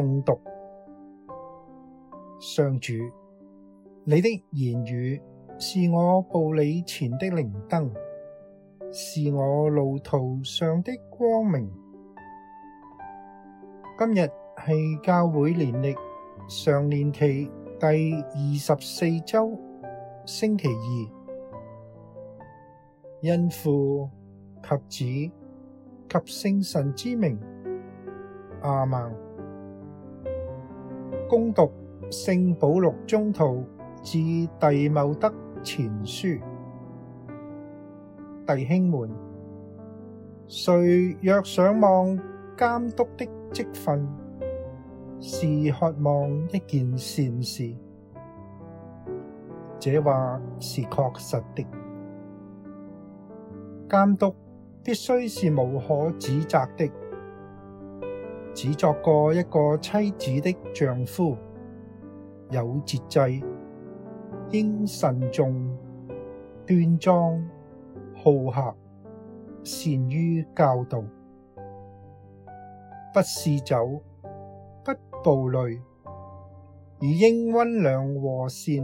誦讀上主，你的言語是我步履前的靈燈，是我路途上的光明。今日係教會年曆常年期第二十四周星期二，因父及子及聖神之名阿們。恭讀聖保祿宗徒致弟茂德前書，弟兄們，誰若想望監督的職分，是渴望一件善事，這話是確實的。監督必須是無可指摘的。只作過一個妻子的丈夫，有節制，應慎重、端莊、好客、善於教導，不嗜酒，不暴戾，而應溫良和善，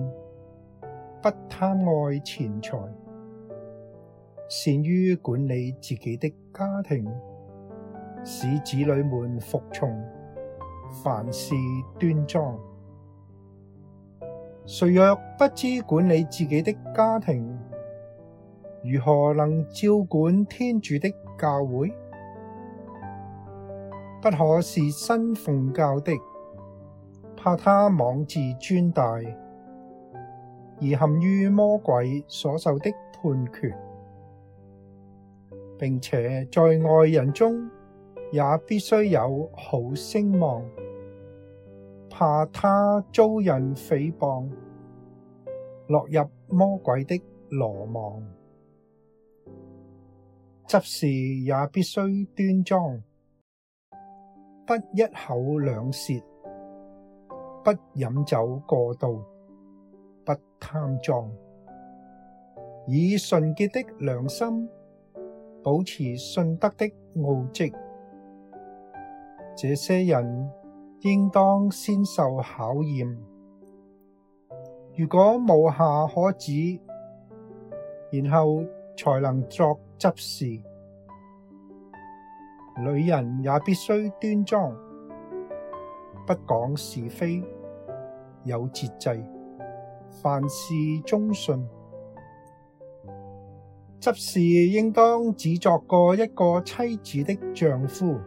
不貪愛錢財，善於管理自己的家庭。使子女們服從，凡事端莊。誰若不知管理自己的家庭，如何能照管天主的教會？不可是新奉教的，怕他妄自尊大，而陷於魔鬼所受的判決，並且在外人中。也必須有好聲望，怕他遭人誹謗，落入魔鬼的羅網。執事也必須端莊，不一口兩舌，不飲酒過度，不貪贓，以純潔的良心，保持信德的奧蹟。這些人應當先受考驗，如果無瑕可指，然後才能作執事。女人也必須端莊，不講是非，有節制，凡事忠信。執事應當只作過一個妻子的丈夫。，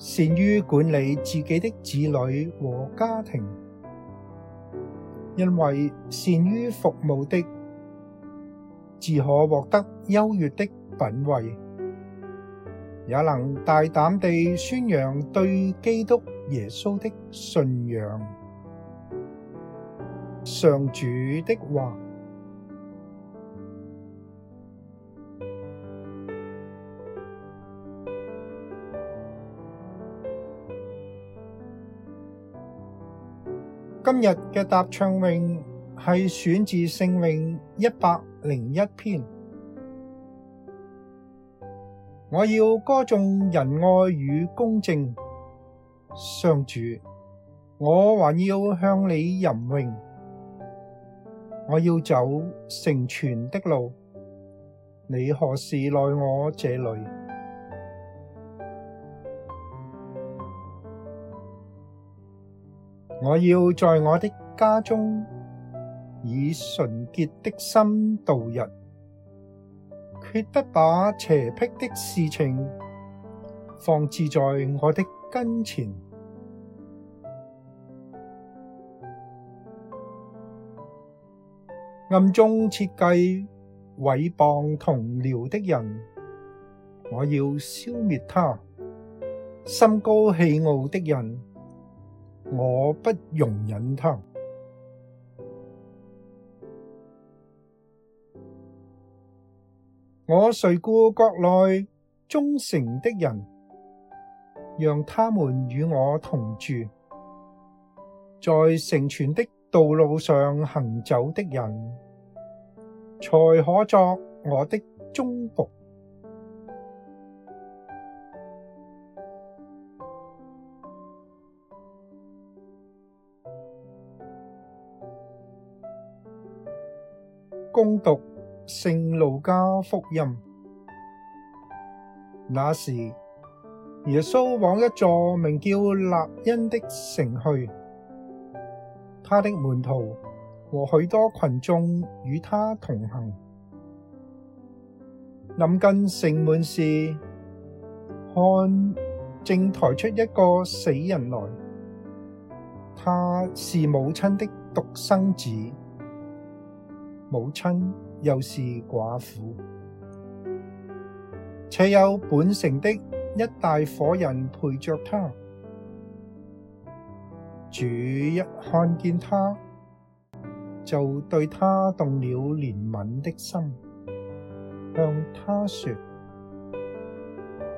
善於管理自己的子女和家庭，因為善於服務的，自可獲得優越的品位，也能大膽地宣揚對基督耶穌的信仰。上主的話。今日嘅答唱詠係選自聖詠一百零一篇。我要歌頌仁愛與公正，上主，我還要向你吟詠。我要走成全的路，你何時來我這裏？我要在我的家中，以純潔的心度日，決不把邪僻的事情，放置在我的跟前。暗中設計毀謗同僚的人，我要消滅他。心高氣傲的人，我不容忍他。我垂顧國內忠誠的人，讓他們與我同住，在成全的道路上行走的人，才可作我的忠僕。恭讀《聖路加福音》，那時耶穌往一座名叫納因的城去，他的門徒和許多群眾與他同行。臨近城門時，看，正抬出一個死人來，他是母親的獨生子。母親又是寡婦，且有本城的一大伙人陪着她。主一看見她，就對她動了憐憫的心，向她說：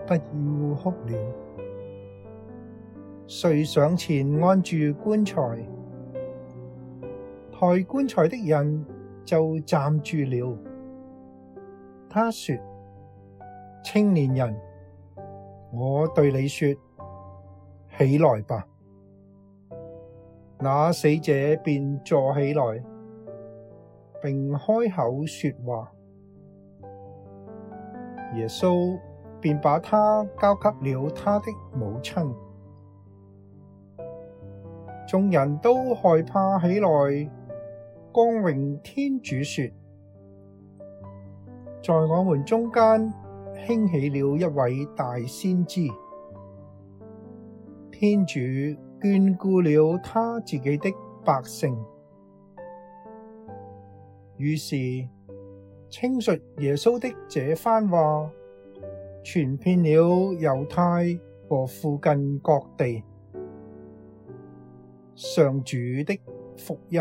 不要哭了。遂上前按住棺材，抬棺材的人，就站住了。他說：青年人，我對你說，起來吧。那死者便坐起來，並開口說話。耶穌便把他交給了他的母親。眾人都害怕起來。光榮天主說，在我們中間興起了一位大先知。天主眷顧了他自己的百姓，於是稱述耶穌的這番話，傳遍了猶太和附近各地。上主的福音。